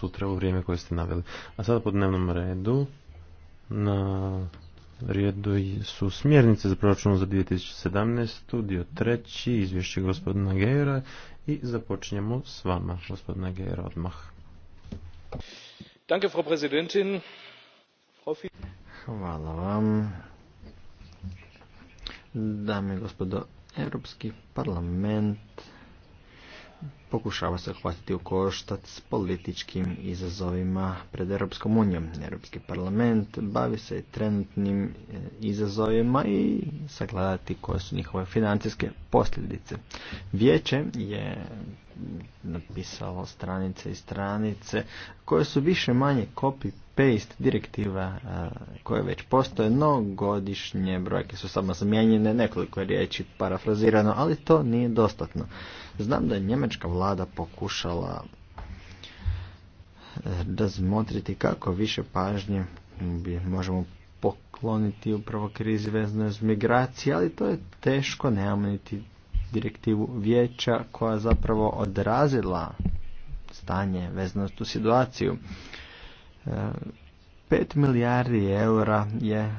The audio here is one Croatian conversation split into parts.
sutra u vrijeme koje ste naveli. A sada po dnevnom redu na redu su smjernice za proračun za 2017. dio treći, izvješće gospodina Gejera i započinjemo s vama, gospodina Gejera, odmah. Danke, Frau Präsidentin. Hvala vam. Dame i gospodo, Europski parlament pokušava se hvatiti u koštac s političkim izazovima pred Europskom unijom. Europski parlament bavi se trenutnim e, izazovima i sagledati koje su njihove financijske posljedice. Vijeće je napisalo stranice i stranice koje su više manje copy-paste direktiva e, koje već postoje, no godišnje brojke su samo zamijenjene, nekoliko je riječi parafrazirano, ali to nije dostatno. Znam da je njemačka vlada pokušala e, razmotriti kako više pažnje bi možemo pokloniti upravo krizi vezano s migracije, ali to je teško, nemamo niti direktivu vijeća koja zapravo odrazila stanje vezano uz situaciju. 5 e, milijardi eura je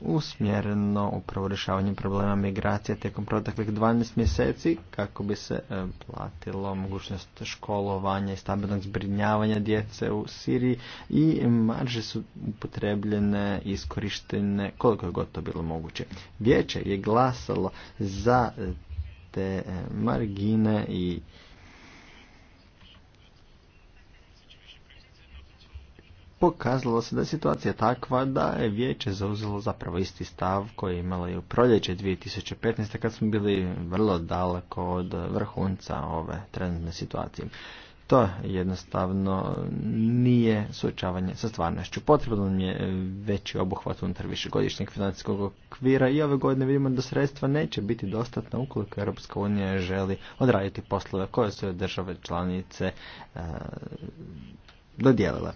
usmjereno upravo rješavanju problema migracije tijekom proteklih 12 mjeseci kako bi se e, platilo mogućnost školovanja i stambenog zbrinjavanja djece u Siriji i marže su upotrebljene i iskorištene koliko je god to bilo moguće. Vijeće je glasalo za te e, margine i pokazalo se da je situacija takva da je vijeće zauzelo zapravo isti stav koji je imala i u proljeće 2015. kad smo bili vrlo daleko od vrhunca ove trenutne situacije. To jednostavno nije suočavanje sa stvarnošću. Potrebno nam je veći obuhvat unutar višegodišnjeg financijskog okvira i ove godine vidimo da sredstva neće biti dostatna ukoliko Europska unija želi odraditi poslove koje su države članice dodijelila.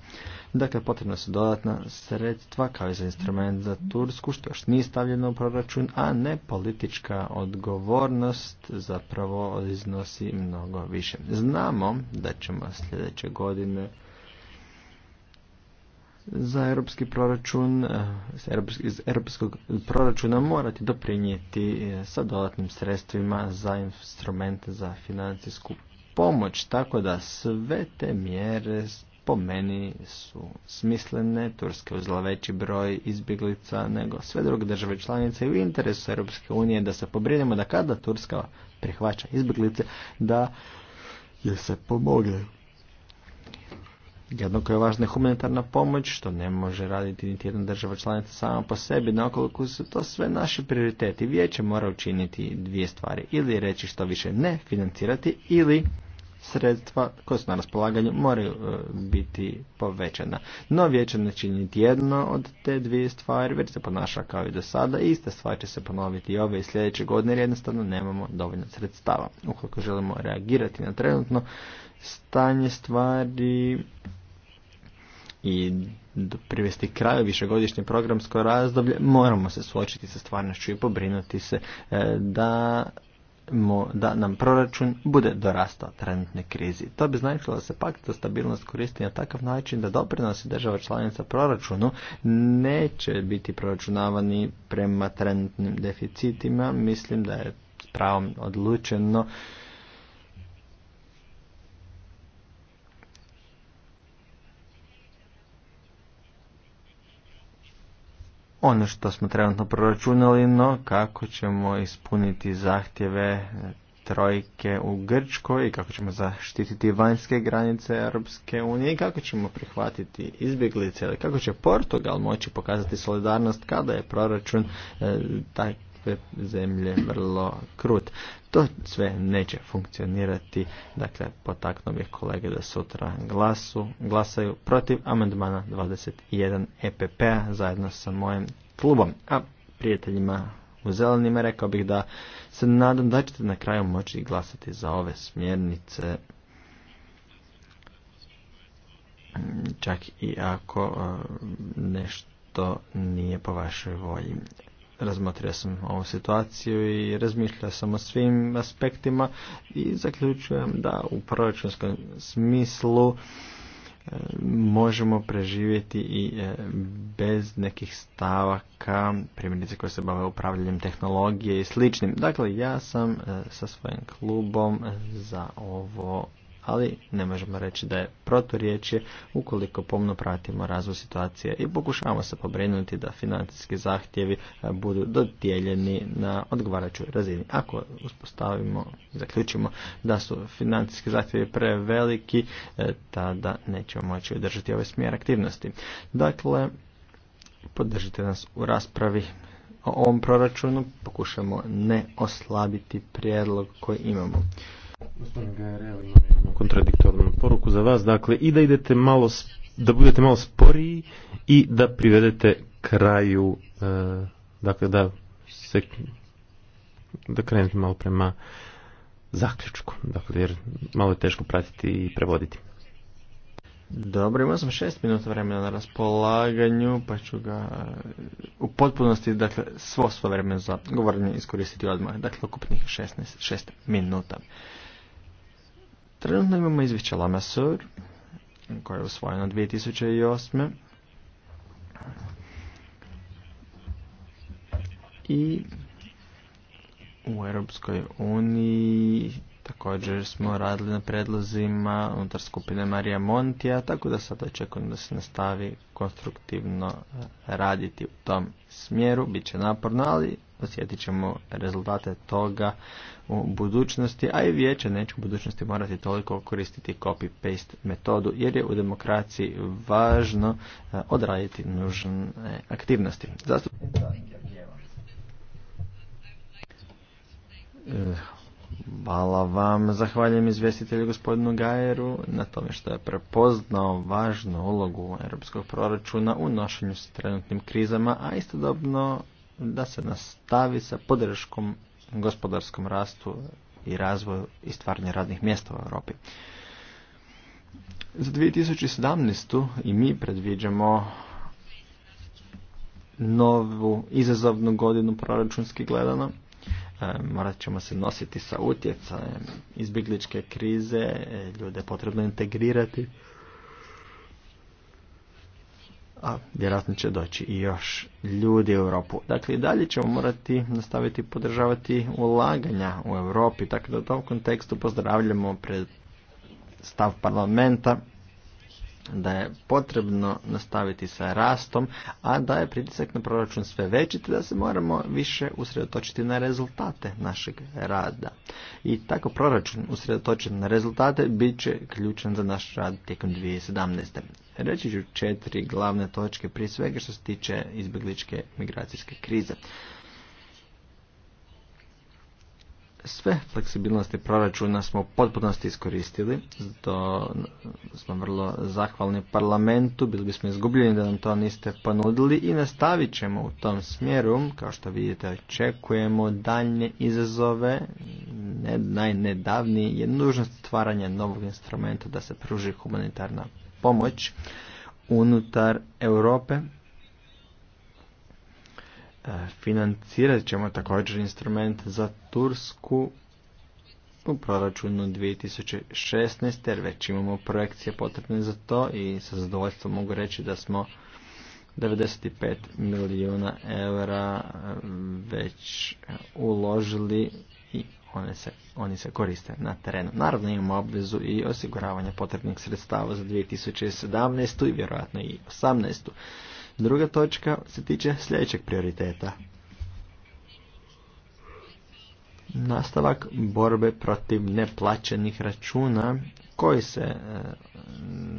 Dakle, potrebno su dodatna sredstva kao i za instrument za Tursku, što još nije stavljeno u proračun, a ne politička odgovornost zapravo iznosi mnogo više. Znamo da ćemo sljedeće godine za europski proračun, eh, iz europskog proračuna morati doprinijeti eh, sa dodatnim sredstvima za instrumente za financijsku pomoć, tako da sve te mjere po meni su smislene, Turska uzela veći broj izbjeglica nego sve druge države članice i u interesu Europske unije da se pobrinemo da kada Turska prihvaća izbjeglice, da je se pomogne. Jednako je važna humanitarna pomoć, što ne može raditi niti jedna država članica sama po sebi, nakoliko su to sve naši prioriteti. Vijeće mora učiniti dvije stvari, ili reći što više ne financirati, ili sredstva koja su na raspolaganju moraju e, biti povećana. No vijeće ne čini niti jedno od te dvije stvari, već se ponaša kao i do sada iste stvari će se ponoviti i ove i sljedeće godine jer jednostavno nemamo dovoljno sredstava. Ukoliko želimo reagirati na trenutno stanje stvari i privesti kraju višegodišnje programsko razdoblje, moramo se suočiti sa stvarnošću i pobrinuti se e, da da nam proračun bude dorastao trenutne krizi. To bi značilo da se pak za stabilnost koristi na takav način da doprinosi država članica proračunu neće biti proračunavani prema trenutnim deficitima. Mislim da je pravom odlučeno ono što smo trenutno proračunali, no kako ćemo ispuniti zahtjeve trojke u Grčkoj i kako ćemo zaštititi vanjske granice Europske unije i kako ćemo prihvatiti izbjeglice ili kako će Portugal moći pokazati solidarnost kada je proračun e, takve zemlje vrlo krut to sve neće funkcionirati. Dakle, potaknuo bih kolege da sutra glasu, glasaju protiv amandmana 21 epp p-a zajedno sa mojim klubom. A prijateljima u zelenima rekao bih da se nadam da ćete na kraju moći glasati za ove smjernice. Čak i ako e, nešto nije po vašoj volji razmotrio sam ovu situaciju i razmišljao sam o svim aspektima i zaključujem da u proračunskom smislu e, možemo preživjeti i e, bez nekih stavaka, primjerice koje se bave upravljanjem tehnologije i sličnim. Dakle, ja sam e, sa svojim klubom za ovo ali ne možemo reći da je proturječje ukoliko pomno pratimo razvoj situacije i pokušavamo se pobrinuti da financijski zahtjevi e, budu dodijeljeni na odgovarajućoj razini. Ako uspostavimo, zaključimo da su financijski zahtjevi preveliki, e, tada nećemo moći održati ovaj smjer aktivnosti. Dakle, podržite nas u raspravi o ovom proračunu, pokušamo ne oslabiti prijedlog koji imamo imam kontradiktornu poruku za vas. Dakle, i da idete malo, da budete malo sporiji i da privedete kraju, e, dakle, da se, da krenete malo prema zaključku. Dakle, jer malo je teško pratiti i prevoditi. Dobro, imao sam šest minuta vremena na raspolaganju, pa ću ga e, u potpunosti, dakle, svo svoje vremena za govorenje iskoristiti odmah, dakle, ukupnih 16, 6 minuta. Trenutno imamo izvješće Lamasur, koje je usvojeno 2008. I u Europskoj uniji također smo radili na predlozima unutar skupine Marija Montija, tako da sada očekujem da se nastavi konstruktivno eh, raditi u tom smjeru. Biće naporno, ali osjetit ćemo rezultate toga u budućnosti, a i vijeće neće u budućnosti morati toliko koristiti copy-paste metodu, jer je u demokraciji važno e, odraditi nužne aktivnosti. E, hvala vam, zahvaljujem izvjestitelju gospodinu Gajeru na tome što je prepoznao važnu ulogu europskog proračuna u nošenju s trenutnim krizama, a istodobno da se nastavi sa podrškom gospodarskom rastu i razvoju i stvaranje radnih mjesta u Europi. Za 2017. i mi predviđamo novu izazovnu godinu proračunski gledano. E, morat ćemo se nositi sa utjecajem izbjegličke krize, e, ljude potrebno integrirati a vjerojatno će doći i još ljudi u Europu. Dakle, i dalje ćemo morati nastaviti podržavati ulaganja u Europi, tako da u tom kontekstu pozdravljamo pred stav parlamenta da je potrebno nastaviti sa rastom, a da je pritisak na proračun sve veći, te da se moramo više usredotočiti na rezultate našeg rada. I tako proračun usredotočen na rezultate bit će ključan za naš rad tijekom 2017. Reći ću četiri glavne točke, prije svega što se tiče izbjegličke migracijske krize sve fleksibilnosti proračuna smo u potpunosti iskoristili, zato smo vrlo zahvalni parlamentu, bili bismo izgubljeni da nam to niste ponudili i nastavit ćemo u tom smjeru, kao što vidite očekujemo daljnje izazove, ne, je nužnost stvaranja novog instrumenta da se pruži humanitarna pomoć unutar Europe, E, financirat ćemo također instrument za Tursku u proračunu 2016. jer već imamo projekcije potrebne za to i sa zadovoljstvom mogu reći da smo 95 milijuna eura e, već uložili i one se, oni se koriste na terenu. Naravno imamo obvezu i osiguravanje potrebnih sredstava za 2017. i vjerojatno i 2018. Druga točka se tiče sljedećeg prioriteta. Nastavak borbe protiv neplaćenih računa koji se e,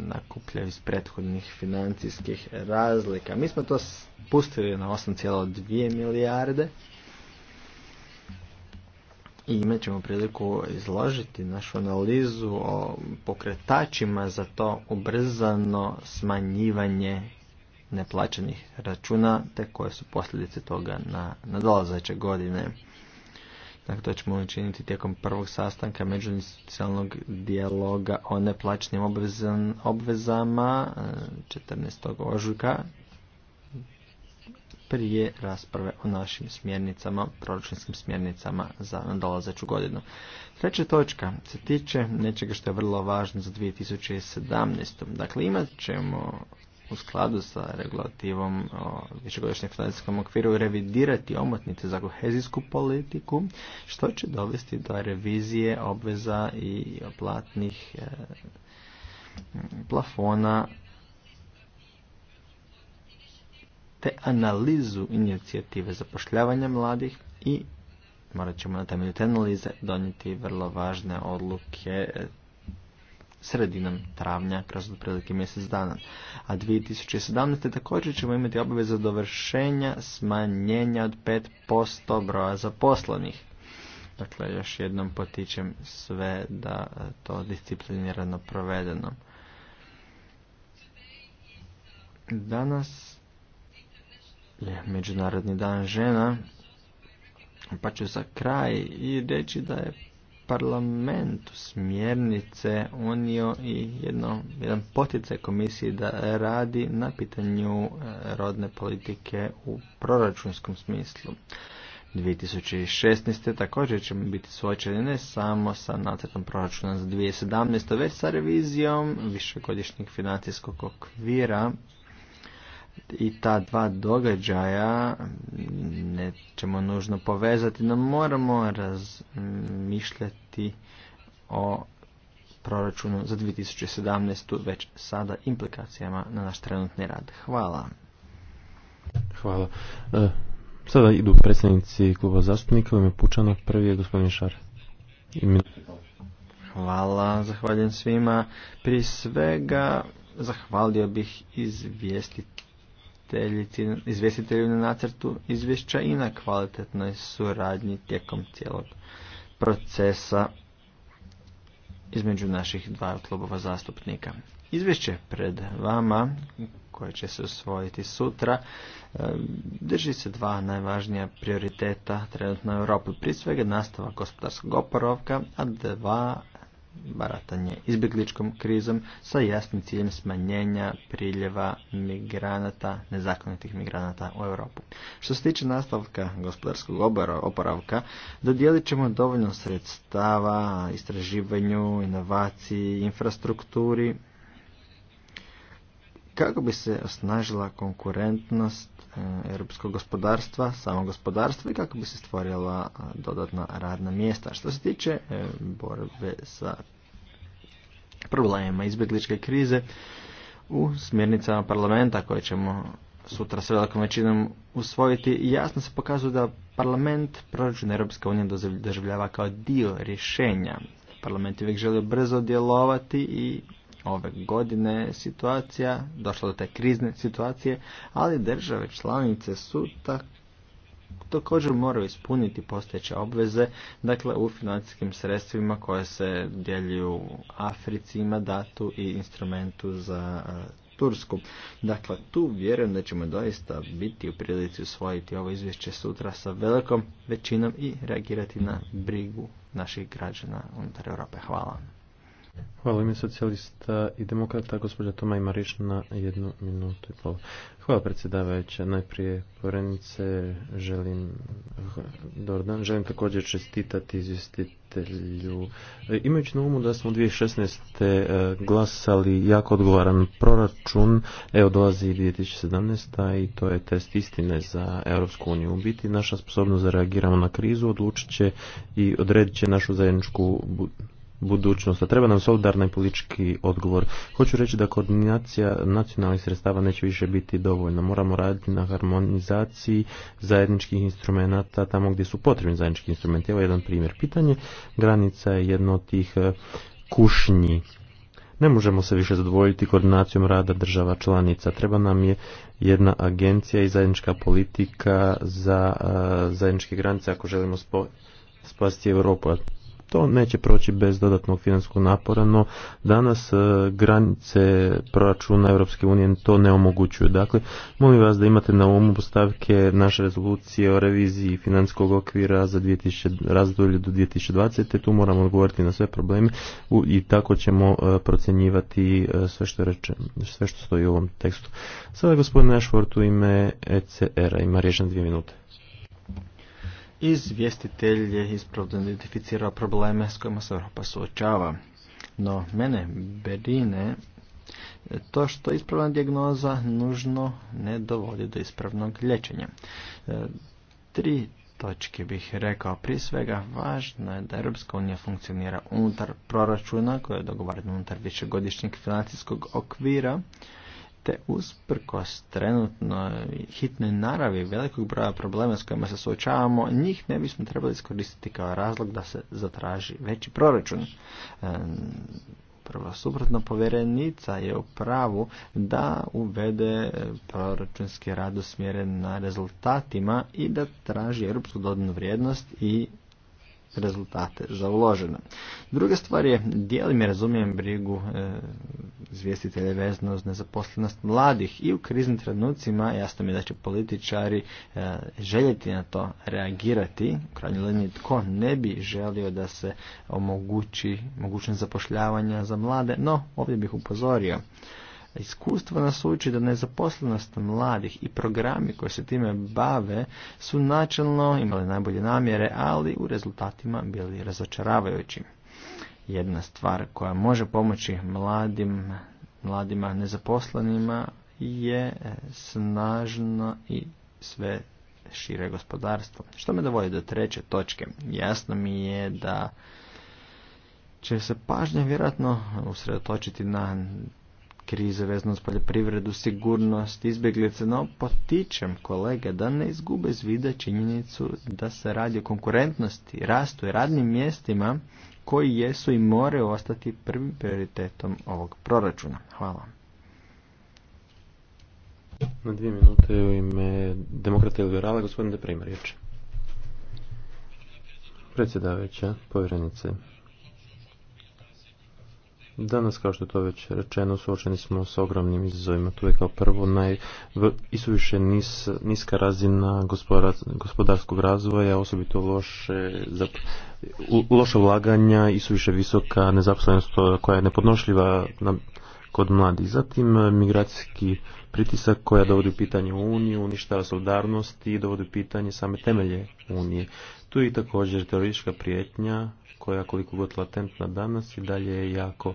nakupljaju iz prethodnih financijskih razlika. Mi smo to spustili na 8,2 milijarde i imat ćemo priliku izložiti našu analizu o pokretačima za to ubrzano smanjivanje neplaćenih računa te koje su posljedice toga na nadolazeće godine. Dakle, to ćemo učiniti tijekom prvog sastanka međuinstitucionalnog dijaloga o neplaćenim obvezama 14. Eh, ožujka prije rasprave o našim smjernicama, proračunskim smjernicama za nadolazeću godinu. Treća točka se tiče nečega što je vrlo važno za 2017. Dakle, imat ćemo u skladu sa regulativom o višegodišnjem financijskom okviru revidirati omotnice za kohezijsku politiku, što će dovesti do revizije obveza i platnih e, plafona te analizu inicijative zapošljavanja mladih i morat ćemo na temelju te analize donijeti vrlo važne odluke sredinom travnja, kroz otprilike mjesec dana. A 2017. također ćemo imati obaveze dovršenja smanjenja od 5% broja zaposlenih. Dakle, još jednom potičem sve da to disciplinirano provedeno. Danas je Međunarodni dan žena, pa ću za kraj i reći da je parlamentu smjernice unio i jedno, jedan poticaj komisiji da radi na pitanju e, rodne politike u proračunskom smislu. 2016. također ćemo biti suočeni ne samo sa nacrtom proračuna za 2017. već sa revizijom višegodišnjeg financijskog okvira i ta dva događaja nećemo nužno povezati, no moramo razmišljati o proračunu za 2017. već sada implikacijama na naš trenutni rad. Hvala. Hvala. E, sada idu predsjednici kluba zastupnika, u Pučana, prvi je gospodin Šar. Hvala, zahvaljujem svima. Prije svega zahvalio bih izvijestiti izvjestitelju na nacrtu izvješća i na kvalitetnoj suradnji tijekom cijelog procesa između naših dva klubova zastupnika. Izvješće pred vama, koje će se usvojiti sutra, e, drži se dva najvažnija prioriteta trenutno u Europi. Prije svega nastavak gospodarskog oporovka, a dva baratanje izbjegličkom krizom sa jasnim ciljem smanjenja priljeva migranata, nezakonitih migranata u Europu. Što se tiče nastavka gospodarskog oporavka, dodijelit ćemo dovoljno sredstava istraživanju, inovaciji, infrastrukturi, kako bi se osnažila konkurentnost e, europskog gospodarstva, samog gospodarstva i kako bi se stvorila e, dodatna radna mjesta. Što se tiče e, borbe sa problemima izbjegličke krize u smjernicama parlamenta koje ćemo sutra s velikom većinom usvojiti, jasno se pokazuje da parlament proračun Europske unije doživljava kao dio rješenja. Parlament uvijek želio brzo djelovati i ove godine situacija, došlo do te krizne situacije, ali države članice su također moraju ispuniti postojeće obveze, dakle u financijskim sredstvima koje se dijeljuju Africi, datu i instrumentu za e, Tursku. Dakle, tu vjerujem da ćemo doista biti u prilici usvojiti ovo izvješće sutra sa velikom većinom i reagirati na brigu naših građana unutar Europe. Hvala. Hvala ime socijalista i demokrata, gospođa Toma Marić na jednu minutu i pol. Hvala predsjedavajuća. Najprije porenice želim, Dordan, želim također čestitati izvjestitelju. E, imajući na umu da smo 2016. E, glasali jako odgovaran proračun, evo dolazi 2017. i to je test istine za Europsku uniju. U biti naša sposobnost da reagiramo na krizu odlučit će i odredit će našu zajedničku budućnost, a treba nam solidarni politički odgovor. Hoću reći da koordinacija nacionalnih sredstava neće više biti dovoljna. Moramo raditi na harmonizaciji zajedničkih instrumenata tamo gdje su potrebni zajednički instrumenti. Evo jedan primjer. Pitanje granica je jedno od tih e, kušnji. Ne možemo se više zadovoljiti koordinacijom rada država članica. Treba nam je jedna agencija i zajednička politika za e, zajedničke granice ako želimo spasiti Europu. To neće proći bez dodatnog finanskog napora, no danas e, granice proračuna Europske unije to ne omogućuju. Dakle, molim vas da imate na umu postavke naše rezolucije o reviziji finanskog okvira za 2000, razdoblje do 2020. Tu moramo odgovoriti na sve probleme i tako ćemo e, procjenjivati e, sve što, reče, sve što stoji u ovom tekstu. Sada gospodine Ashford u ime ECR-a ima riječ dvije minute. Izvjestitelj je ispravno identificirao probleme s kojima se Europa suočava. No, mene berine to što ispravna dijagnoza nužno ne dovodi do ispravnog liječenja. E, tri točke bih rekao. Prije svega, važno je da Europska unija funkcionira unutar proračuna, koja je dogovarana unutar višegodišnjeg financijskog okvira, te usprkos trenutno hitne naravi velikog broja problema s kojima se suočavamo, njih ne bismo trebali iskoristiti kao razlog da se zatraži veći proračun. E, prvo suprotno povjerenica je u pravu da uvede proračunski rad usmjeren na rezultatima i da traži europsku dodanu vrijednost i rezultate za uloženo. Druga stvar je, dijelim i razumijem brigu e, izvjestitelje vezano uz nezaposlenost mladih i u kriznim trenucima jasno mi je da će političari e, željeti na to reagirati. U krajnjoj liniji tko ne bi želio da se omogući mogućnost zapošljavanja za mlade, no ovdje bih upozorio Iskustvo nas uči da nezaposlenost mladih i programi koji se time bave su načelno imali najbolje namjere, ali u rezultatima bili razočaravajući. Jedna stvar koja može pomoći mladim, mladima nezaposlenima je snažno i sve šire gospodarstvo. Što me dovodi do treće točke. Jasno mi je da će se pažnja vjerojatno usredotočiti na krize vezano s poljoprivredu, sigurnost, izbjeglice, no potičem kolege da ne izgube zvida činjenicu da se radi o konkurentnosti, rastu i radnim mjestima koji jesu i more ostati prvim prioritetom ovog proračuna. Hvala. Na dvije minute u ime demokrata i liberala, gospodin Deprimer, Predsjedavajuća, povjerenice, Danas, kao što je to već rečeno, suočeni smo s ogromnim izazovima. Tu je kao prvo naj, isuviše nis, niska razina gospodarskog razvoja, osobito loše, zap, loše ulaganja, suviše visoka nezaposlenost koja je nepodnošljiva kod mladih. Zatim eh, migracijski pritisak koja dovodi u pitanje Uniju, uništava solidarnost i dovodi u pitanje same temelje Unije. Tu je i također teroristička prijetnja koja koliko god latentna danas i dalje je jako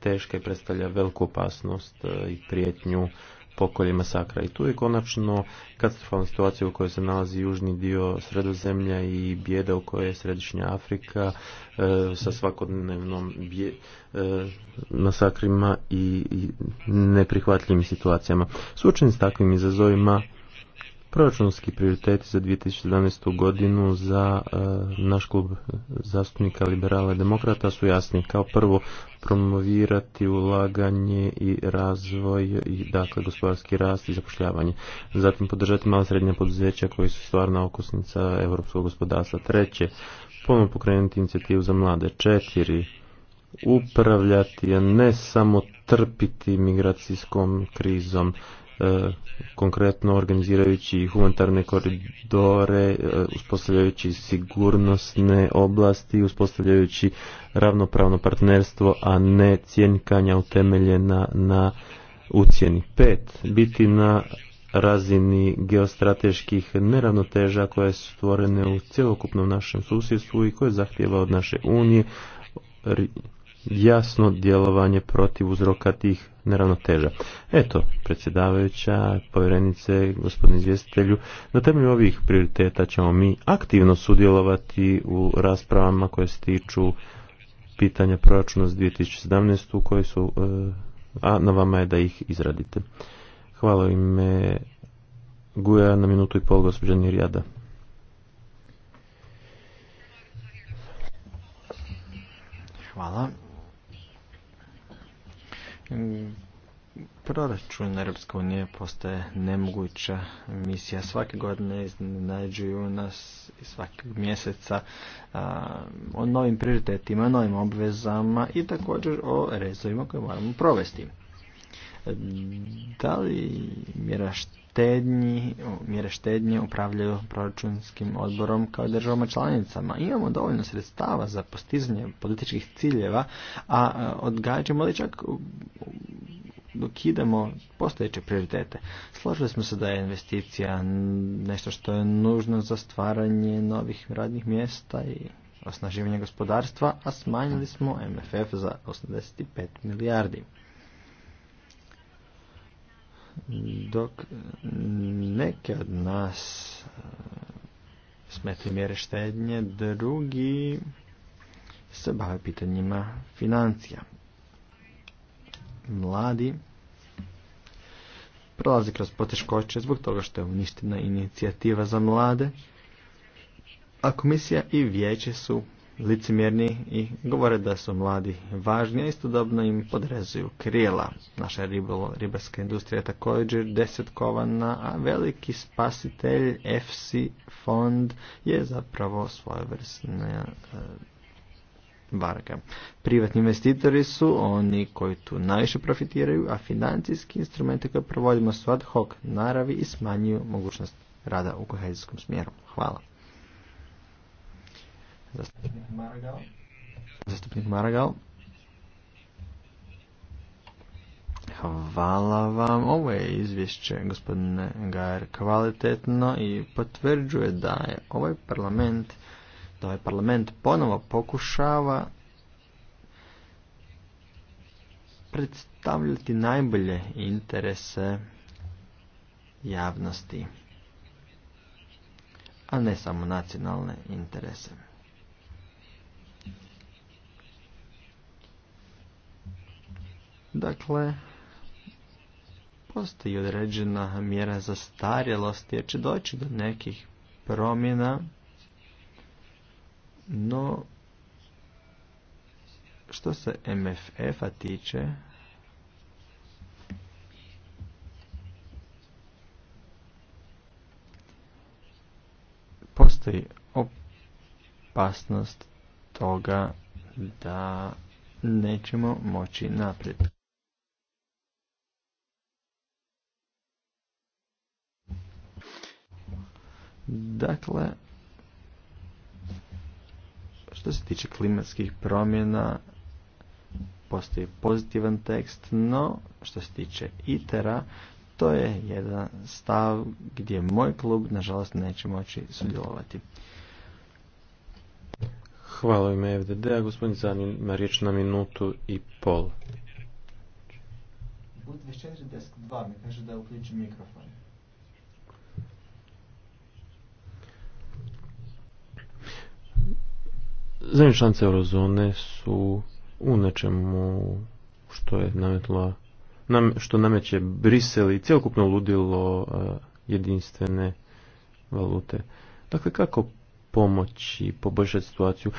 teška i predstavlja veliku opasnost e, i prijetnju pokolje masakra. I tu je konačno katastrofalna situacija u kojoj se nalazi južni dio sredozemlja i bijeda u kojoj je središnja Afrika e, sa svakodnevnom bje, e, masakrima i, neprihvatljivim situacijama. Sučen s takvim izazovima proračunski prioriteti za 2017. godinu za e, naš klub zastupnika liberala i demokrata su jasni. Kao prvo promovirati ulaganje i razvoj, i, dakle gospodarski rast i zapošljavanje. Zatim podržati mala srednja poduzeća koji su stvarna okosnica europskog gospodarstva. Treće, ponovno pokrenuti inicijativu za mlade. Četiri, upravljati, a ne samo trpiti migracijskom krizom. E, konkretno organizirajući humanitarne koridore, e, uspostavljajući sigurnosne oblasti, uspostavljajući ravnopravno partnerstvo, a ne cjenjkanja utemeljena na ucijeni. Pet, biti na razini geostrateških neravnoteža koje su stvorene u cjelokupnom našem susjedstvu i koje zahtjeva od naše unije jasno djelovanje protiv uzroka tih neravnoteža. Eto, predsjedavajuća, povjerenice, gospodin izvjestitelju, na temelju ovih prioriteta ćemo mi aktivno sudjelovati u raspravama koje se tiču pitanja proračuna za 2017. koje su, e, a na vama je da ih izradite. Hvala ime Guja na minutu i pol gospođa Nirjada. Hvala. Proračun Europske unije postaje nemoguća misija. Svake godine iznenađuju nas svakog mjeseca o novim prioritetima, novim obvezama i također o rezovima koje moramo provesti. Da li mjera štednji, mjere štednje upravljaju proračunskim odborom kao državama članicama. Imamo dovoljno sredstava za postizanje političkih ciljeva, a odgađamo li čak dokidamo postojeće prioritete. Složili smo se da je investicija nešto što je nužno za stvaranje novih radnih mjesta i osnaživanje gospodarstva, a smanjili smo MFF za 85 milijardi dok neke od nas eh, smetli mjere štednje, drugi se bave pitanjima financija. Mladi prolazi kroz poteškoće zbog toga što je uništena inicijativa za mlade, a komisija i vijeće su licimjerni i govore da su mladi važni, a istodobno im podrezuju krila. Naša ribolo, ribarska industrija je također desetkovana, a veliki spasitelj FC fond je zapravo svojevrsna e, varga. Privatni investitori su oni koji tu najviše profitiraju, a financijski instrumenti koje provodimo su ad hoc naravi i smanjuju mogućnost rada u kohezijskom smjeru. Hvala. Zastupnik Maragal. Zastupnik Maragal. Hvala vam. Ovo je izvješće, gospodine Gajer, kvalitetno i potvrđuje da je ovaj parlament, da ovaj parlament ponovo pokušava predstavljati najbolje interese javnosti, a ne samo nacionalne interese. Dakle, postoji određena mjera starjelost, jer će doći do nekih promjena, no što se MFF-a tiče, postoji opasnost toga da nećemo moći naprijed. Dakle, što se tiče klimatskih promjena, postoji pozitivan tekst, no što se tiče itera to je jedan stav gdje moj klub nažalost neće moći sudjelovati. Hvala ime FDD-a, gospodin Zanin ima riječ na minutu i pol. U 24.10.2 mi kaže da uključim mikrofon. zemlje članice eurozone su u nečemu što je nametla nam, što nameće Brisel i cjelokupno ludilo eh, jedinstvene valute. Dakle, kako pomoći, poboljšati situaciju?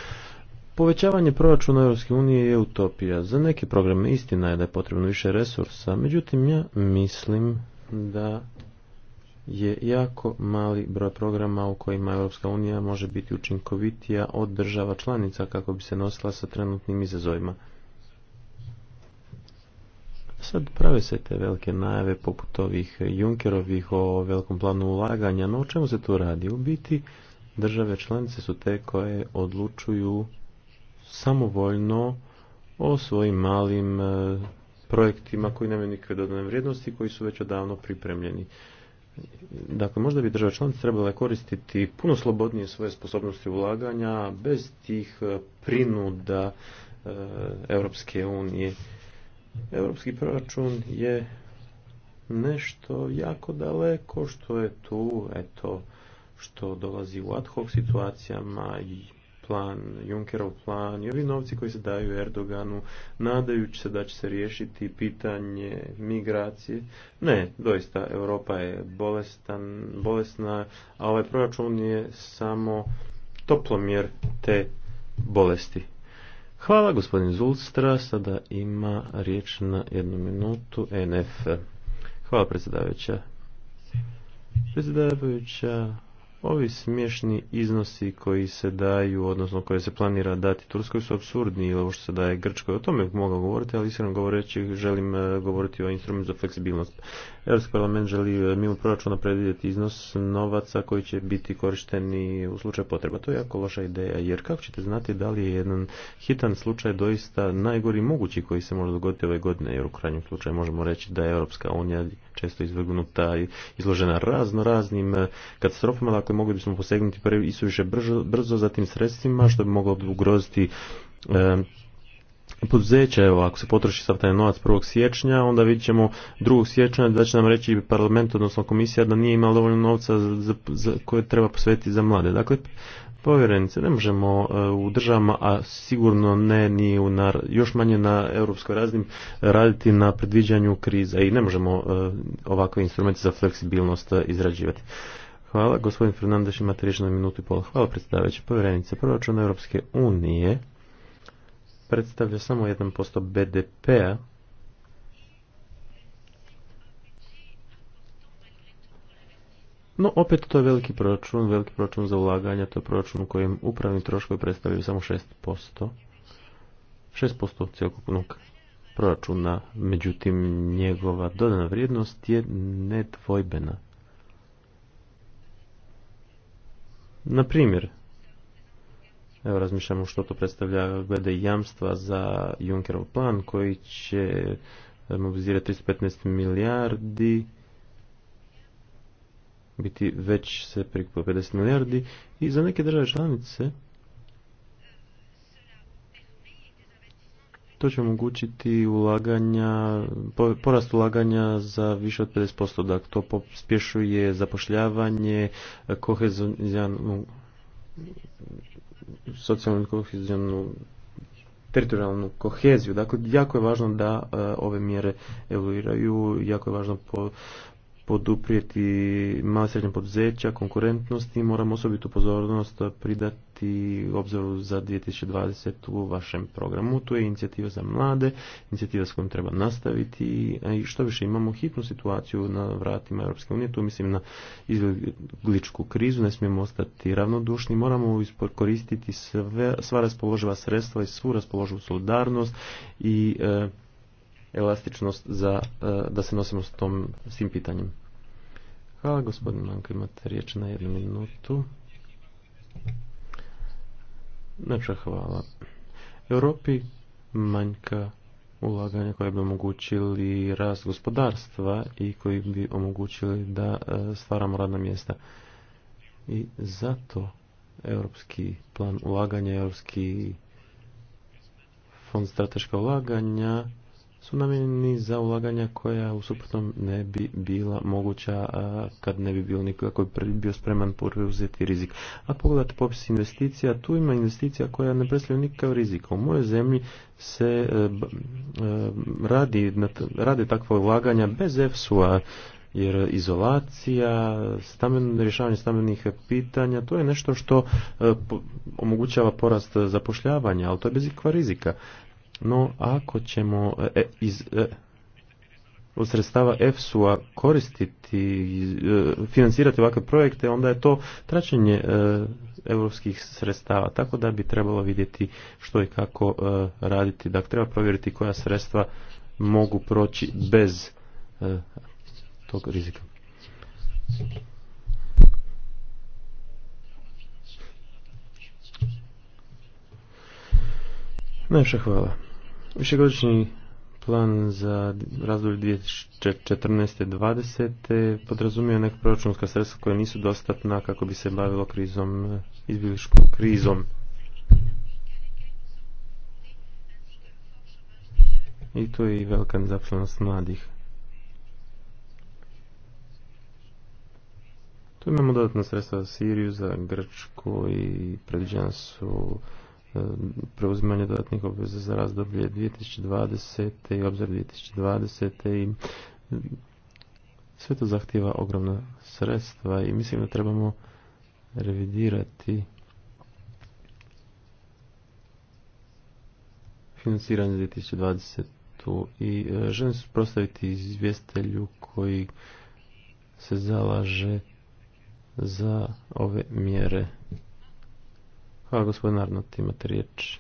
Povećavanje proračuna Europske unije je utopija. Za neke programe istina je da je potrebno više resursa, međutim ja mislim da je jako mali broj programa u kojima Europska unija može biti učinkovitija od država članica kako bi se nosila sa trenutnim izazovima. Sad prave se te velike najave poput ovih Junkerovih o velikom planu ulaganja, no o čemu se tu radi? U biti države članice su te koje odlučuju samovoljno o svojim malim eh, projektima koji nemaju nikakve dodane vrijednosti koji su već odavno pripremljeni. Dakle, možda bi država članica trebala koristiti puno slobodnije svoje sposobnosti ulaganja bez tih e, prinuda e, Europske unije. Europski proračun je nešto jako daleko što je tu, eto, što dolazi u ad hoc situacijama i plan, Junkerov plan i ovi novci koji se daju Erdoganu nadajući se da će se riješiti pitanje migracije. Ne, doista Europa je bolestan, bolesna, a ovaj proračun je samo toplomjer te bolesti. Hvala gospodin Zulstra, sada ima riječ na jednu minutu NF. Hvala predsjedavajuća. Predsjedavajuća, Ovi smiješni iznosi koji se daju, odnosno koje se planira dati Turskoj su absurdni ili ovo što se daje Grčkoj. O tome mogu govoriti, ali iskreno govoreći želim e, govoriti o instrumentu za fleksibilnost. Europski parlament želi e, mimo proračuna predvidjeti iznos novaca koji će biti korišteni u slučaju potreba. To je jako loša ideja, jer kako ćete znati da li je jedan hitan slučaj doista najgori mogući koji se može dogoditi ove godine, jer u krajnjem slučaju možemo reći da je Europska unija često izvrgnuta i izložena razno raznim e, katastrofama, dakle mogli bismo posegnuti prvi isuviše brzo, brzo za tim sredstvima što bi moglo ugroziti e, poduzeća, evo, ako se potroši sav taj novac 1. siječnja, onda vidjet ćemo 2. siječnja da će nam reći parlament, odnosno komisija, da nije imala dovoljno novca za, koje treba posvetiti za mlade. Dakle, povjerenice, ne možemo e, u državama, a sigurno ne ni u nar, još manje na europskoj razini raditi na predviđanju kriza i ne možemo e, ovakve instrumente za fleksibilnost e, izrađivati. Hvala. Gospodin Fernandeš ima trižno na minutu i pola. Hvala predsjedavajući povjerenice. proračuna Europske unije predstavlja samo 1% BDP-a No, opet to je veliki proračun, veliki proračun za ulaganja, to je proračun u kojem upravni troškovi predstavljaju samo 6%. 6% cjelokupnog proračuna, međutim njegova dodana vrijednost je nedvojbena. Na primjer, evo razmišljamo što to predstavlja glede jamstva za Junckerov plan koji će mobilizirati 315 milijardi biti već se prikupio 50 milijardi i za neke države članice To će omogućiti ulaganja, porast ulaganja za više od 50%, dakle to pospješuje zapošljavanje, socijalnu kohezijanu, teritorijalnu koheziju. Dakle, jako je važno da e, ove mjere evoluiraju, jako je važno po, poduprijeti mala srednja poduzeća, konkurentnost i moramo osobitu pozornost pridati obzoru za 2020 u vašem programu. Tu je inicijativa za mlade, inicijativa s kojom treba nastaviti i što više imamo hitnu situaciju na vratima Europske unije, tu mislim na izgličku krizu, ne smijemo ostati ravnodušni, moramo koristiti sve, sva raspoloživa sredstva i svu raspoloživu solidarnost i e, elastičnost za, e, da se nosimo s, tom, svim tim pitanjem. Hvala gospodin Manko, imate riječ na jednu minutu. hvala. Europi manjka ulaganja koje bi omogućili rast gospodarstva i koji bi omogućili da e, stvaramo radna mjesta. I zato europski plan ulaganja, europski fond strateška ulaganja su namijenjeni za ulaganja koja u suprotnom ne bi bila moguća kad ne bi bilo nikoga koji bio spreman preuzeti rizik. A pogledate popis investicija, tu ima investicija koja ne predstavlja nikakav rizik. U mojoj zemlji se e, e, radi, radi takva ulaganja bez EFSU-a, jer izolacija, stamen, rješavanje stambenih pitanja, to je nešto što e, omogućava porast zapošljavanja, ali to je bez ikva rizika. No, ako ćemo e, e, iz e, od sredstava EFSU-a koristiti, financirati ovakve projekte, onda je to tračenje europskih sredstava, tako da bi trebalo vidjeti što i kako raditi. Dakle, treba provjeriti koja sredstva mogu proći bez tog rizika. Najviše hvala. Višegodišnji plan za razdoblje 2014-2020 podrazumio neka proračunska sredstva koja nisu dostatna kako bi se bavilo krizom, izbiliškom krizom. I to je i velika mladih. Tu imamo dodatna sredstva za Siriju, za Grčku i predviđena su preuzimanje dodatnih obveza za razdoblje 2020. i obzir 2020. i mm, sve to zahtjeva ogromna sredstva i mislim da trebamo revidirati financiranje 2020. i e, želim se prostaviti izvjestelju koji se zalaže za ove mjere. Hvala gospodin Arnot, imate riječ.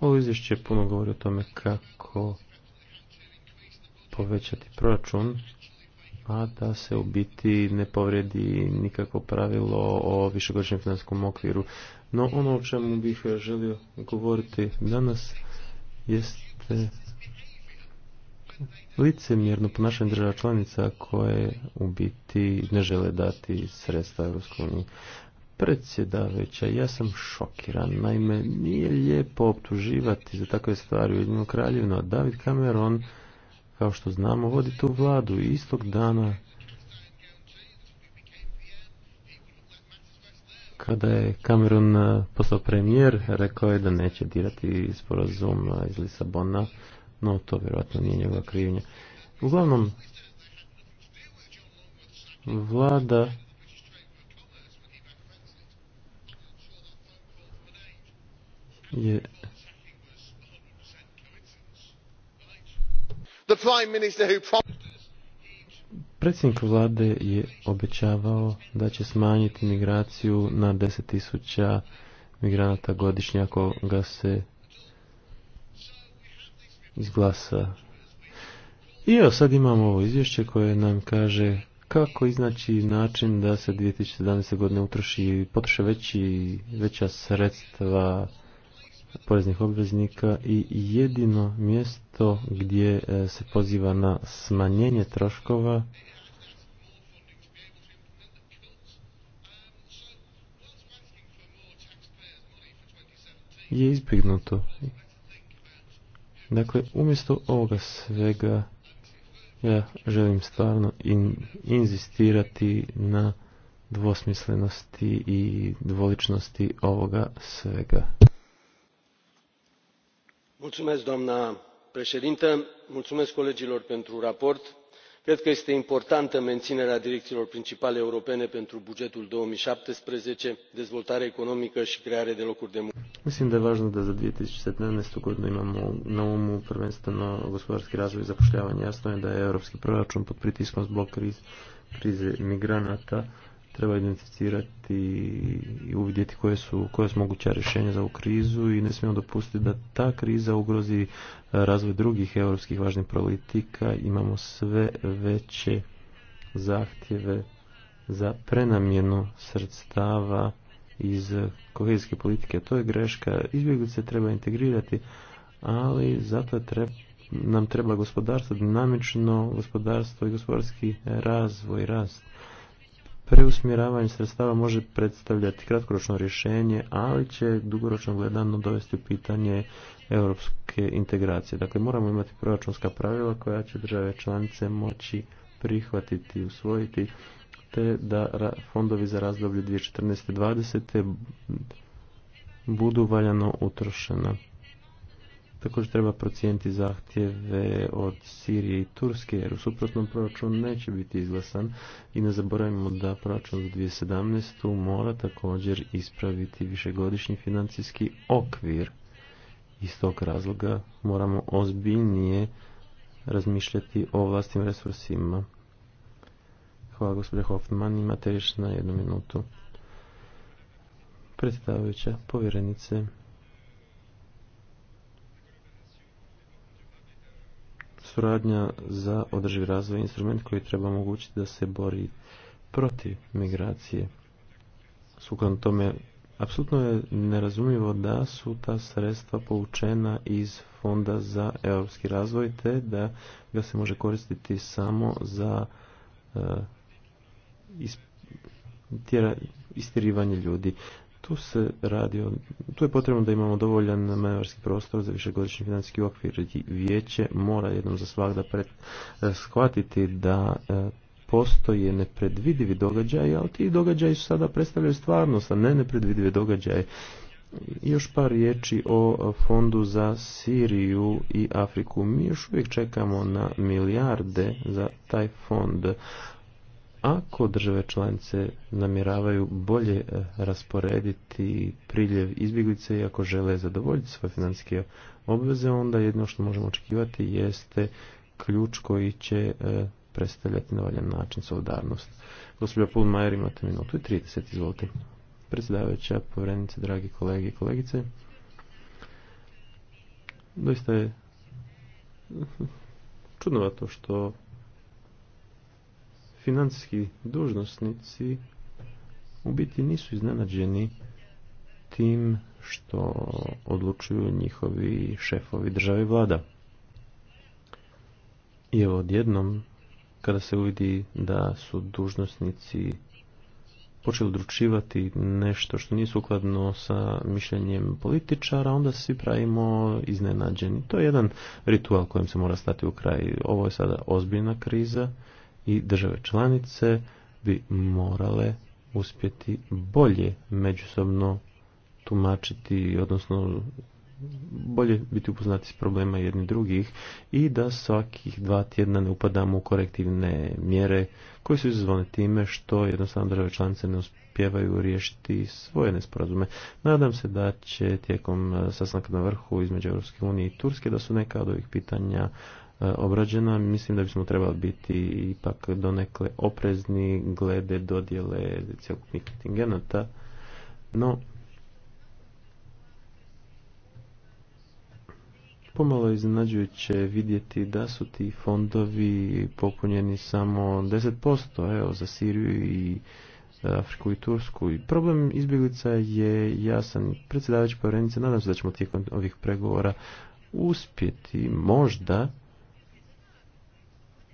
Ovo izvješće puno govori o tome kako povećati proračun, a da se u biti ne povredi nikako pravilo o višegodišnjem finanskom okviru. No ono o čemu bih želio govoriti danas jeste licemjerno ponašanje država članica koje u biti ne žele dati sredstva EU predsjedavajuća, ja sam šokiran. Naime, nije lijepo optuživati za takve stvari u kraljevnu, a David Cameron, kao što znamo, vodi tu vladu i istog dana kada je Cameron eh, postao premijer, rekao je da neće dirati sporazum eh, iz Lisabona, no to vjerojatno nije njegova krivnja. Uglavnom, vlada je Predsjednik vlade je obećavao da će smanjiti migraciju na 10.000 migranata godišnje ako ga se izglasa. I evo sad imamo ovo izvješće koje nam kaže kako iznaći način da se 2017. godine utroši, potroše veći, veća sredstva poreznih obveznika i jedino mjesto gdje e, se poziva na smanjenje troškova je izbjegnuto. Dakle, umjesto ovoga svega ja želim stvarno inzistirati na dvosmislenosti i dvoličnosti ovoga svega doamnă președintă mulțumesc colegilor pentru raport. cred că este importantă menținerea direcțiilor principale europene pentru bugetul două mii șaptesprezece dezvoltare economică și creare de locuri de muncă. mislim da je važno da za. two thousand and godinu imamo na umu prvenstveno gospodarski razvoj i zapošljavanje. jasno e da je europski proračun pod pritiskom zbog krize migranata treba identificirati i uvidjeti koje su, koje su moguća rješenja za ovu krizu i ne smijemo dopustiti da ta kriza ugrozi e, razvoj drugih europskih važnih politika. Imamo sve veće zahtjeve za prenamjenu sredstava iz kohezijske politike. To je greška. Izbjeglice treba integrirati, ali zato treba nam treba gospodarstvo, dinamično gospodarstvo i gospodarski razvoj, rast. Preusmjeravanje sredstava može predstavljati kratkoročno rješenje, ali će dugoročno gledano dovesti u pitanje europske integracije. Dakle, moramo imati proračunska pravila koja će države članice moći prihvatiti i usvojiti, te da fondovi za razdoblje 2014-2020 budu valjano utrošena. Također treba procijeniti zahtjeve od Sirije i Turske, jer u suprotnom proračun neće biti izglasan i ne zaboravimo da proračun za 2017. mora također ispraviti višegodišnji financijski okvir. Iz tog razloga moramo ozbiljnije razmišljati o vlastnim resursima. Hvala gospodine Hoffman, imate na jednu minutu. Predstavajuća povjerenice. suradnja za održivi razvoj instrument koji treba omogućiti da se bori protiv migracije. Sukladno tome, apsolutno je nerazumljivo da su ta sredstva poučena iz Fonda za europski razvoj te da ga se može koristiti samo za eh, istirivanje istjerivanje ljudi. Tu se radi o, tu je potrebno da imamo dovoljan manevarski prostor za višegodišnji financijski okvir. Vijeće mora jednom za svakda pred, eh, shvatiti da eh, postoje nepredvidivi događaji, ali ti događaji su sada predstavljaju stvarnost, a ne nepredvidive događaje. Još par riječi o fondu za Siriju i Afriku. Mi još uvijek čekamo na milijarde za taj fond, ako države članice namjeravaju bolje eh, rasporediti priljev izbjeglice i ako žele zadovoljiti svoje financijske obveze, onda jedno što možemo očekivati jeste ključ koji će eh, predstavljati na valjan način solidarnost. Gospodin Pulmajer, imate minutu i 30, izvolite. Predsjedavajuća, povrednice, dragi kolege i kolegice, doista je eh, čudnovato što financijski dužnosnici u biti nisu iznenađeni tim što odlučuju njihovi šefovi države vlada. I evo odjednom, kada se uvidi da su dužnosnici počeli odručivati nešto što nije sukladno sa mišljenjem političara, onda svi pravimo iznenađeni. To je jedan ritual kojem se mora stati u kraj. Ovo je sada ozbiljna kriza i države članice bi morale uspjeti bolje međusobno tumačiti, odnosno bolje biti upoznati s problema jedni drugih i da svakih dva tjedna ne upadamo u korektivne mjere koje su izazvane time što jednostavno države članice ne uspjevaju riješiti svoje nesporazume. Nadam se da će tijekom sastanka na vrhu između EU i Turske da su neka od ovih pitanja E, obrađena, mislim da bismo trebali biti ipak donekle oprezni glede dodjele cjelokupnih kontingenata, no pomalo iznenađujuće vidjeti da su ti fondovi popunjeni samo 10%, evo, za Siriju i e, Afriku i Tursku. I problem izbjeglica je jasan. Predsjedavajući povjerenice, nadam se da ćemo tijekom ovih pregovora uspjeti možda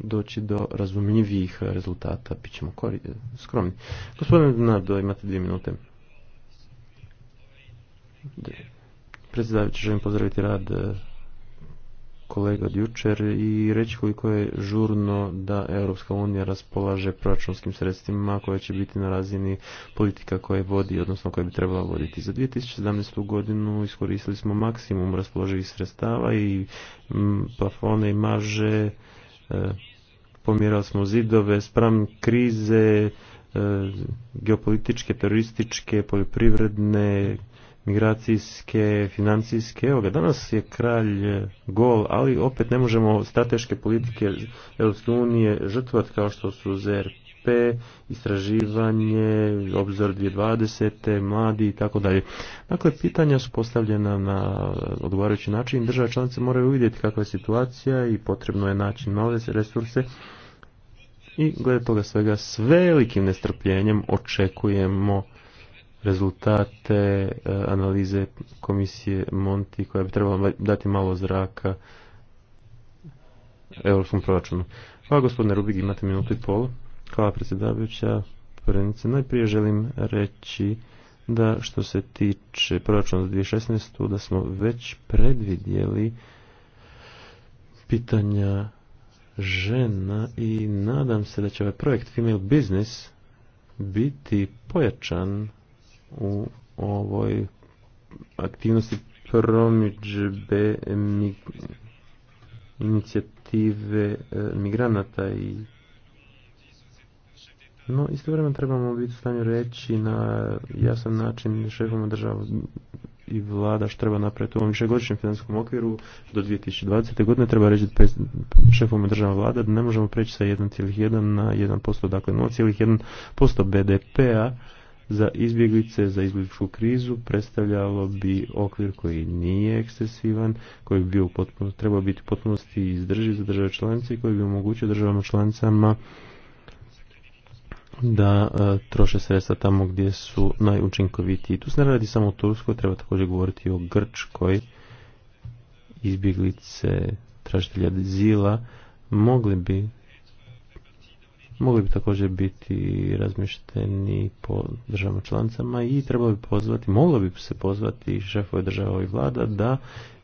doći do razumljivijih eh, rezultata, bit ćemo eh, skromni. Gospodine Donardo, imate dvije minute. Predsjedavajući, želim pozdraviti rad eh, kolega od jučer i reći koliko je žurno da Europska unija raspolaže proračunskim sredstvima koje će biti na razini politika koje vodi, odnosno koje bi trebala voditi. Za 2017. godinu iskoristili smo maksimum raspoloživih sredstava i mm, plafone i marže pomjerali smo zidove spram krize, e, geopolitičke, terorističke, poljoprivredne, migracijske, financijske. Evo ga, danas je kralj e, gol, ali opet ne možemo strateške politike Europske unije kao što su ZERP istraživanje, obzor 2020, mladi i tako dalje. Dakle, pitanja su postavljena na odgovarajući način. Države članice moraju vidjeti kakva je situacija i potrebno je naći nove resurse. I glede toga svega s velikim nestrpljenjem očekujemo rezultate e, analize komisije Monti koja bi trebala dati malo zraka europskom proračunu. Hvala gospodine Rubik, imate minutu i pol. Hvala predsjedavajuća. Prvenice, najprije želim reći da što se tiče proračuna za 2016. da smo već predvidjeli pitanja žena i nadam se da će ovaj projekt Female Business biti pojačan u ovoj aktivnosti promiđbe inicijative eh, migranata i no, istovremeno trebamo biti u stanju reći na jasan način šefom država i vlada što treba napraviti u ovom višegodišnjem financijskom okviru do 2020. godine treba reći šefom država vlada da ne možemo preći sa 1,1 na 1%, dakle 0,1% BDP-a za izbjeglice, za izbjegličku krizu predstavljalo bi okvir koji nije ekscesivan, koji bi bio potpuno, trebao biti potpunosti izdrživ za države članice i koji bi omogućio državama članicama da e, troše sredstva tamo gdje su najučinkovitiji. Tu se ne radi samo o Turskoj, treba također govoriti o Grčkoj, izbjeglice, tražitelja zila, mogli bi mogli bi također biti razmješteni po državama članicama i treba bi pozvati, moglo bi se pozvati šefove država i vlada da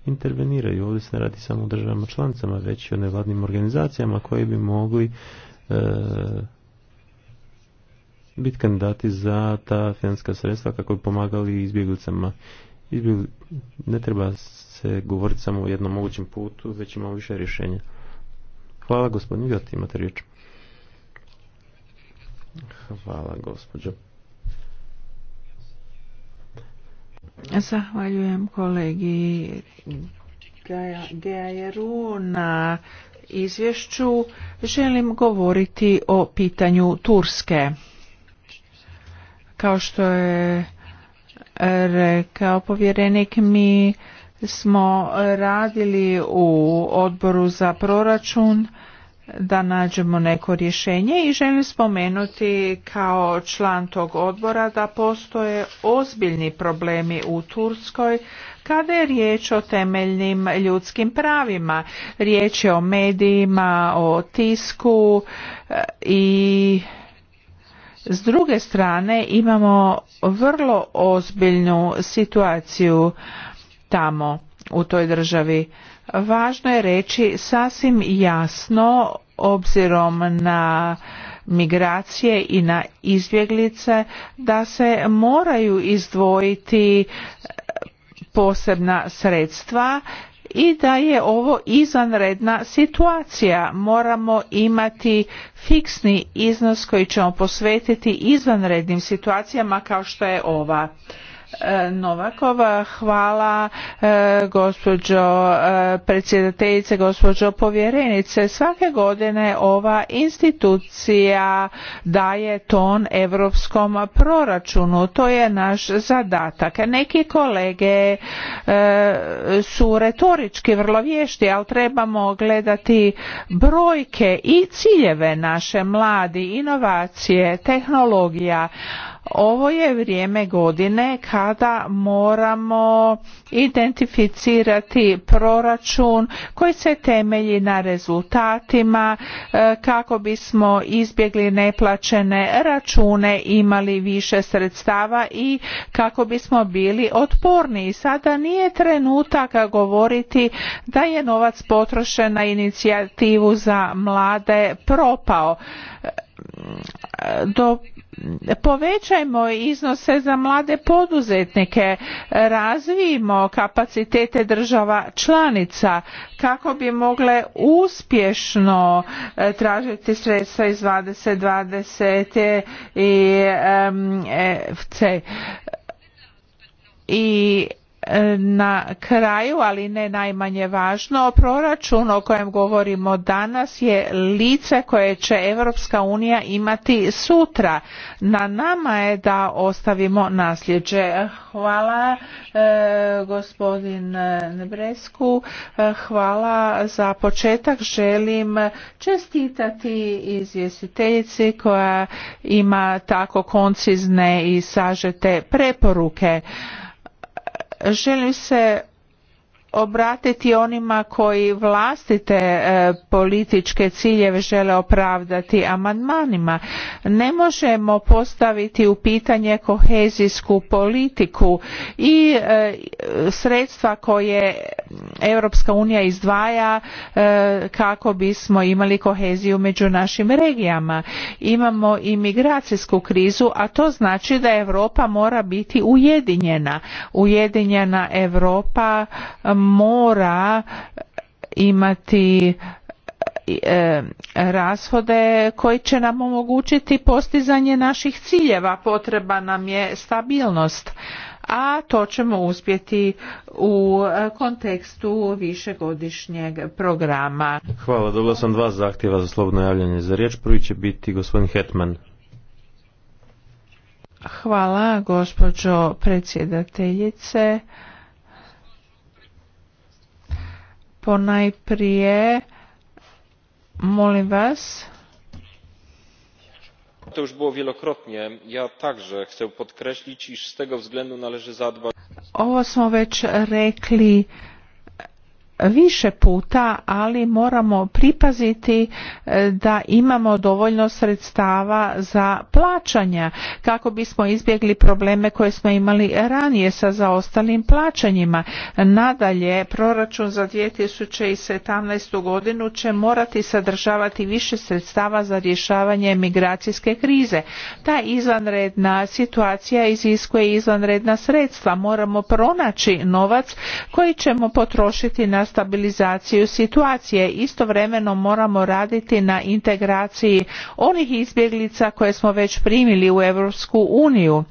interveniraju. Ovdje se ne radi samo o državama članicama, već i o nevladnim organizacijama koje bi mogli e, biti kandidati za ta financijska sredstva kako bi pomagali izbjeglicama. Izbjegli... Ne treba se govoriti samo o jednom mogućem putu, već imamo više rješenja. Hvala gospodin Vjot, imate riječ. Hvala gospođo. Zahvaljujem kolegi Gajeru na izvješću. Želim govoriti o pitanju Turske. Kao što je e, rekao povjerenik, mi smo radili u odboru za proračun da nađemo neko rješenje i želim spomenuti kao član tog odbora da postoje ozbiljni problemi u Turskoj kada je riječ o temeljnim ljudskim pravima. Riječ je o medijima, o tisku e, i s druge strane imamo vrlo ozbiljnu situaciju tamo u toj državi. Važno je reći sasvim jasno obzirom na migracije i na izbjeglice da se moraju izdvojiti posebna sredstva i da je ovo izvanredna situacija. Moramo imati fiksni iznos koji ćemo posvetiti izvanrednim situacijama kao što je ova. E, Novakova. Hvala e, gospođo e, predsjedateljice, gospođo povjerenice. Svake godine ova institucija daje ton europskom proračunu. To je naš zadatak. Neki kolege su retorički vrlo vješti, ali trebamo gledati brojke i ciljeve naše mladi, inovacije, tehnologija. Ovo je vrijeme godine kada moramo identificirati proračun koji se temelji na rezultatima e, kako bismo izbjegli neplaćene račune, imali više sredstava i kako bismo bili otporni. Sada nije trenutak govoriti da je novac potrošen na inicijativu za mlade propao. E, do povećajmo iznose za mlade poduzetnike, razvijimo kapacitete država članica kako bi mogle uspješno e, tražiti sredstva iz 2020 i e, FC. I E, na kraju, ali ne najmanje važno, proračun o kojem govorimo danas je lice koje će Europska unija imati sutra. Na nama je da ostavimo nasljeđe. Hvala e, gospodin Nebresku, e, hvala za početak. Želim čestitati izvjestiteljici koja ima tako koncizne i sažete preporuke želim se obratiti onima koji vlastite e, političke ciljeve žele opravdati amandmanima. Ne možemo postaviti u pitanje kohezijsku politiku i e, sredstva koje Europska unija izdvaja e, kako bismo imali koheziju među našim regijama. Imamo i migracijsku krizu, a to znači da Europa mora biti ujedinjena. Ujedinjena Europa mora imati e, e, rashode koji će nam omogućiti postizanje naših ciljeva. Potreba nam je stabilnost, a to ćemo uspjeti u kontekstu višegodišnjeg programa. Hvala, dobila sam dva zahtjeva za slobodno javljanje za riječ. Prvi će biti gospodin Hetman. Hvala, gospođo predsjedateljice. Ponajprije, molim vas. To już było wielokrotnie. Ja także chcę podkreślić, iż z tego względu należy zadbać. Ovo smo već rekli više puta, ali moramo pripaziti e, da imamo dovoljno sredstava za plaćanja kako bismo izbjegli probleme koje smo imali ranije sa zaostalim plaćanjima. Nadalje, proračun za 2017. godinu će morati sadržavati više sredstava za rješavanje migracijske krize. Ta izvanredna situacija iziskuje izvanredna sredstva. Moramo pronaći novac koji ćemo potrošiti na stabilizaciju situacije. Istovremeno moramo raditi na integraciji onih izbjeglica koje smo već primili u Europsku uniju.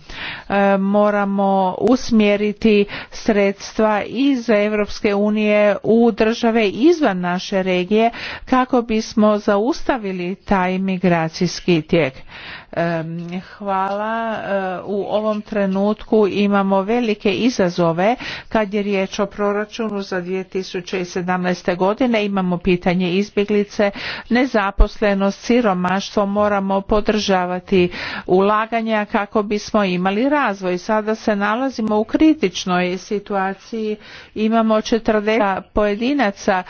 E, moramo usmjeriti sredstva iz Europske unije u države izvan naše regije kako bismo zaustavili taj migracijski tijek Hvala. U ovom trenutku imamo velike izazove kad je riječ o proračunu za 2017. godine. Imamo pitanje izbjeglice, nezaposlenost, siromaštvo. Moramo podržavati ulaganja kako bismo imali razvoj. Sada se nalazimo u kritičnoj situaciji. Imamo 40 pojedinaca.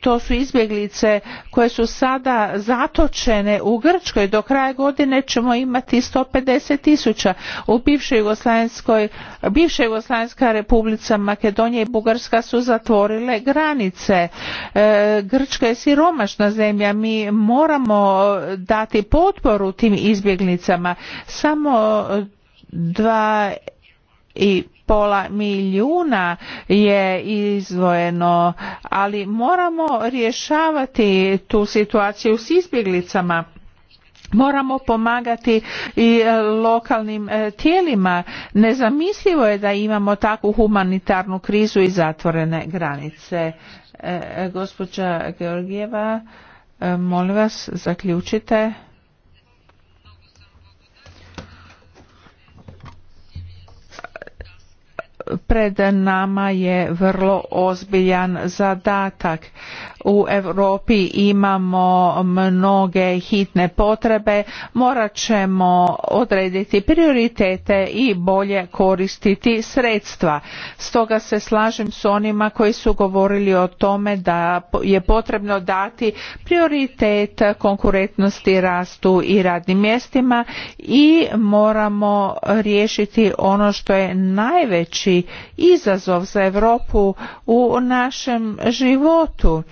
To su izbjeglice koje su sada zatočene u Grčkoj do kraja godine ćemo imati 150 tisuća. U bivšoj Jugoslavenskoj, bivša Jugoslavenska republica Makedonija i Bugarska su zatvorile granice. E, Grčka je siromašna zemlja, mi moramo dati potporu tim izbjeglicama. Samo dva i pola milijuna je izdvojeno, ali moramo rješavati tu situaciju s izbjeglicama. Moramo pomagati i e, lokalnim e, tijelima. Nezamislivo je da imamo takvu humanitarnu krizu i zatvorene granice. E, gospođa Georgijeva, molim vas, zaključite. pred nama je vrlo ozbiljan zadatak. U Europi imamo mnoge hitne potrebe, morat ćemo odrediti prioritete i bolje koristiti sredstva. Stoga se slažem s onima koji su govorili o tome da je potrebno dati prioritet konkurentnosti rastu i radnim mjestima i moramo riješiti ono što je najveći izazov za Europu u našem životu.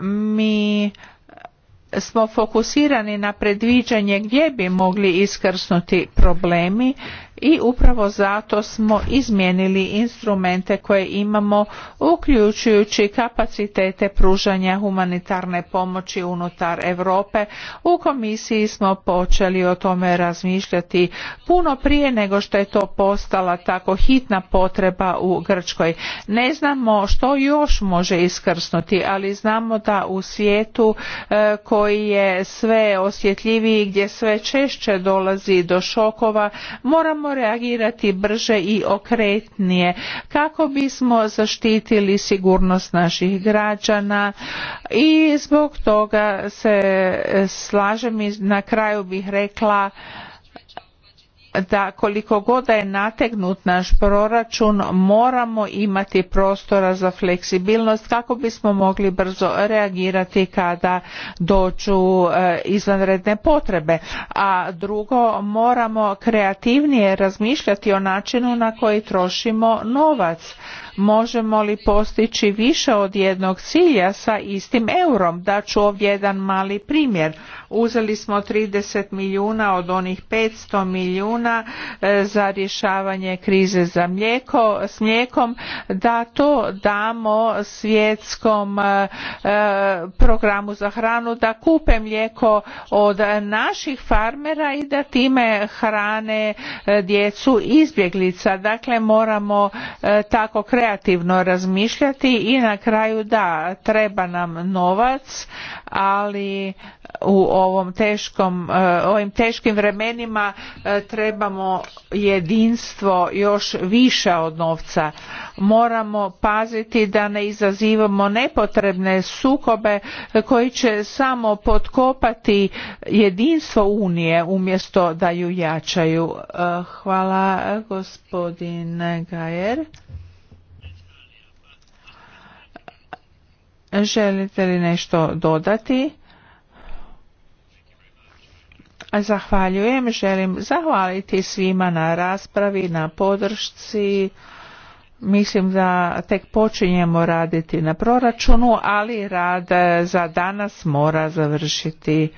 Mi smo fokusirani na predviđanje gdje bi mogli iskrsnuti problemi i upravo zato smo izmijenili instrumente koje imamo uključujući kapacitete pružanja humanitarne pomoći unutar Europe. U komisiji smo počeli o tome razmišljati puno prije nego što je to postala tako hitna potreba u Grčkoj. Ne znamo što još može iskrsnuti, ali znamo da u svijetu e, koji je sve osjetljiviji, gdje sve češće dolazi do šokova, moramo moramo reagirati brže i okretnije kako bismo zaštitili sigurnost naših građana i zbog toga se slažem i na kraju bih rekla da koliko god da je nategnut naš proračun moramo imati prostora za fleksibilnost kako bismo mogli brzo reagirati kada dođu e, izvanredne potrebe a drugo moramo kreativnije razmišljati o načinu na koji trošimo novac možemo li postići više od jednog cilja sa istim eurom dat ću ovdje jedan mali primjer uzeli smo 30 milijuna od onih 500 milijuna E, za rješavanje krize za mlijeko, s mlijekom da to damo svjetskom e, e, programu za hranu da kupe mlijeko od naših farmera i da time hrane djecu izbjeglica. Dakle moramo tako kreativno razmišljati i na kraju da treba nam novac ali u ovom teškom, e, ovim teškim vremenima e, trebamo jedinstvo još više od novca. Moramo paziti da ne izazivamo nepotrebne sukobe koji će samo potkopati jedinstvo Unije umjesto da ju jačaju. E, hvala gospodine Gajer. Želite li nešto dodati? Zahvaljujem, želim zahvaliti svima na raspravi, na podršci. Mislim da tek počinjemo raditi na proračunu, ali rad za danas mora završiti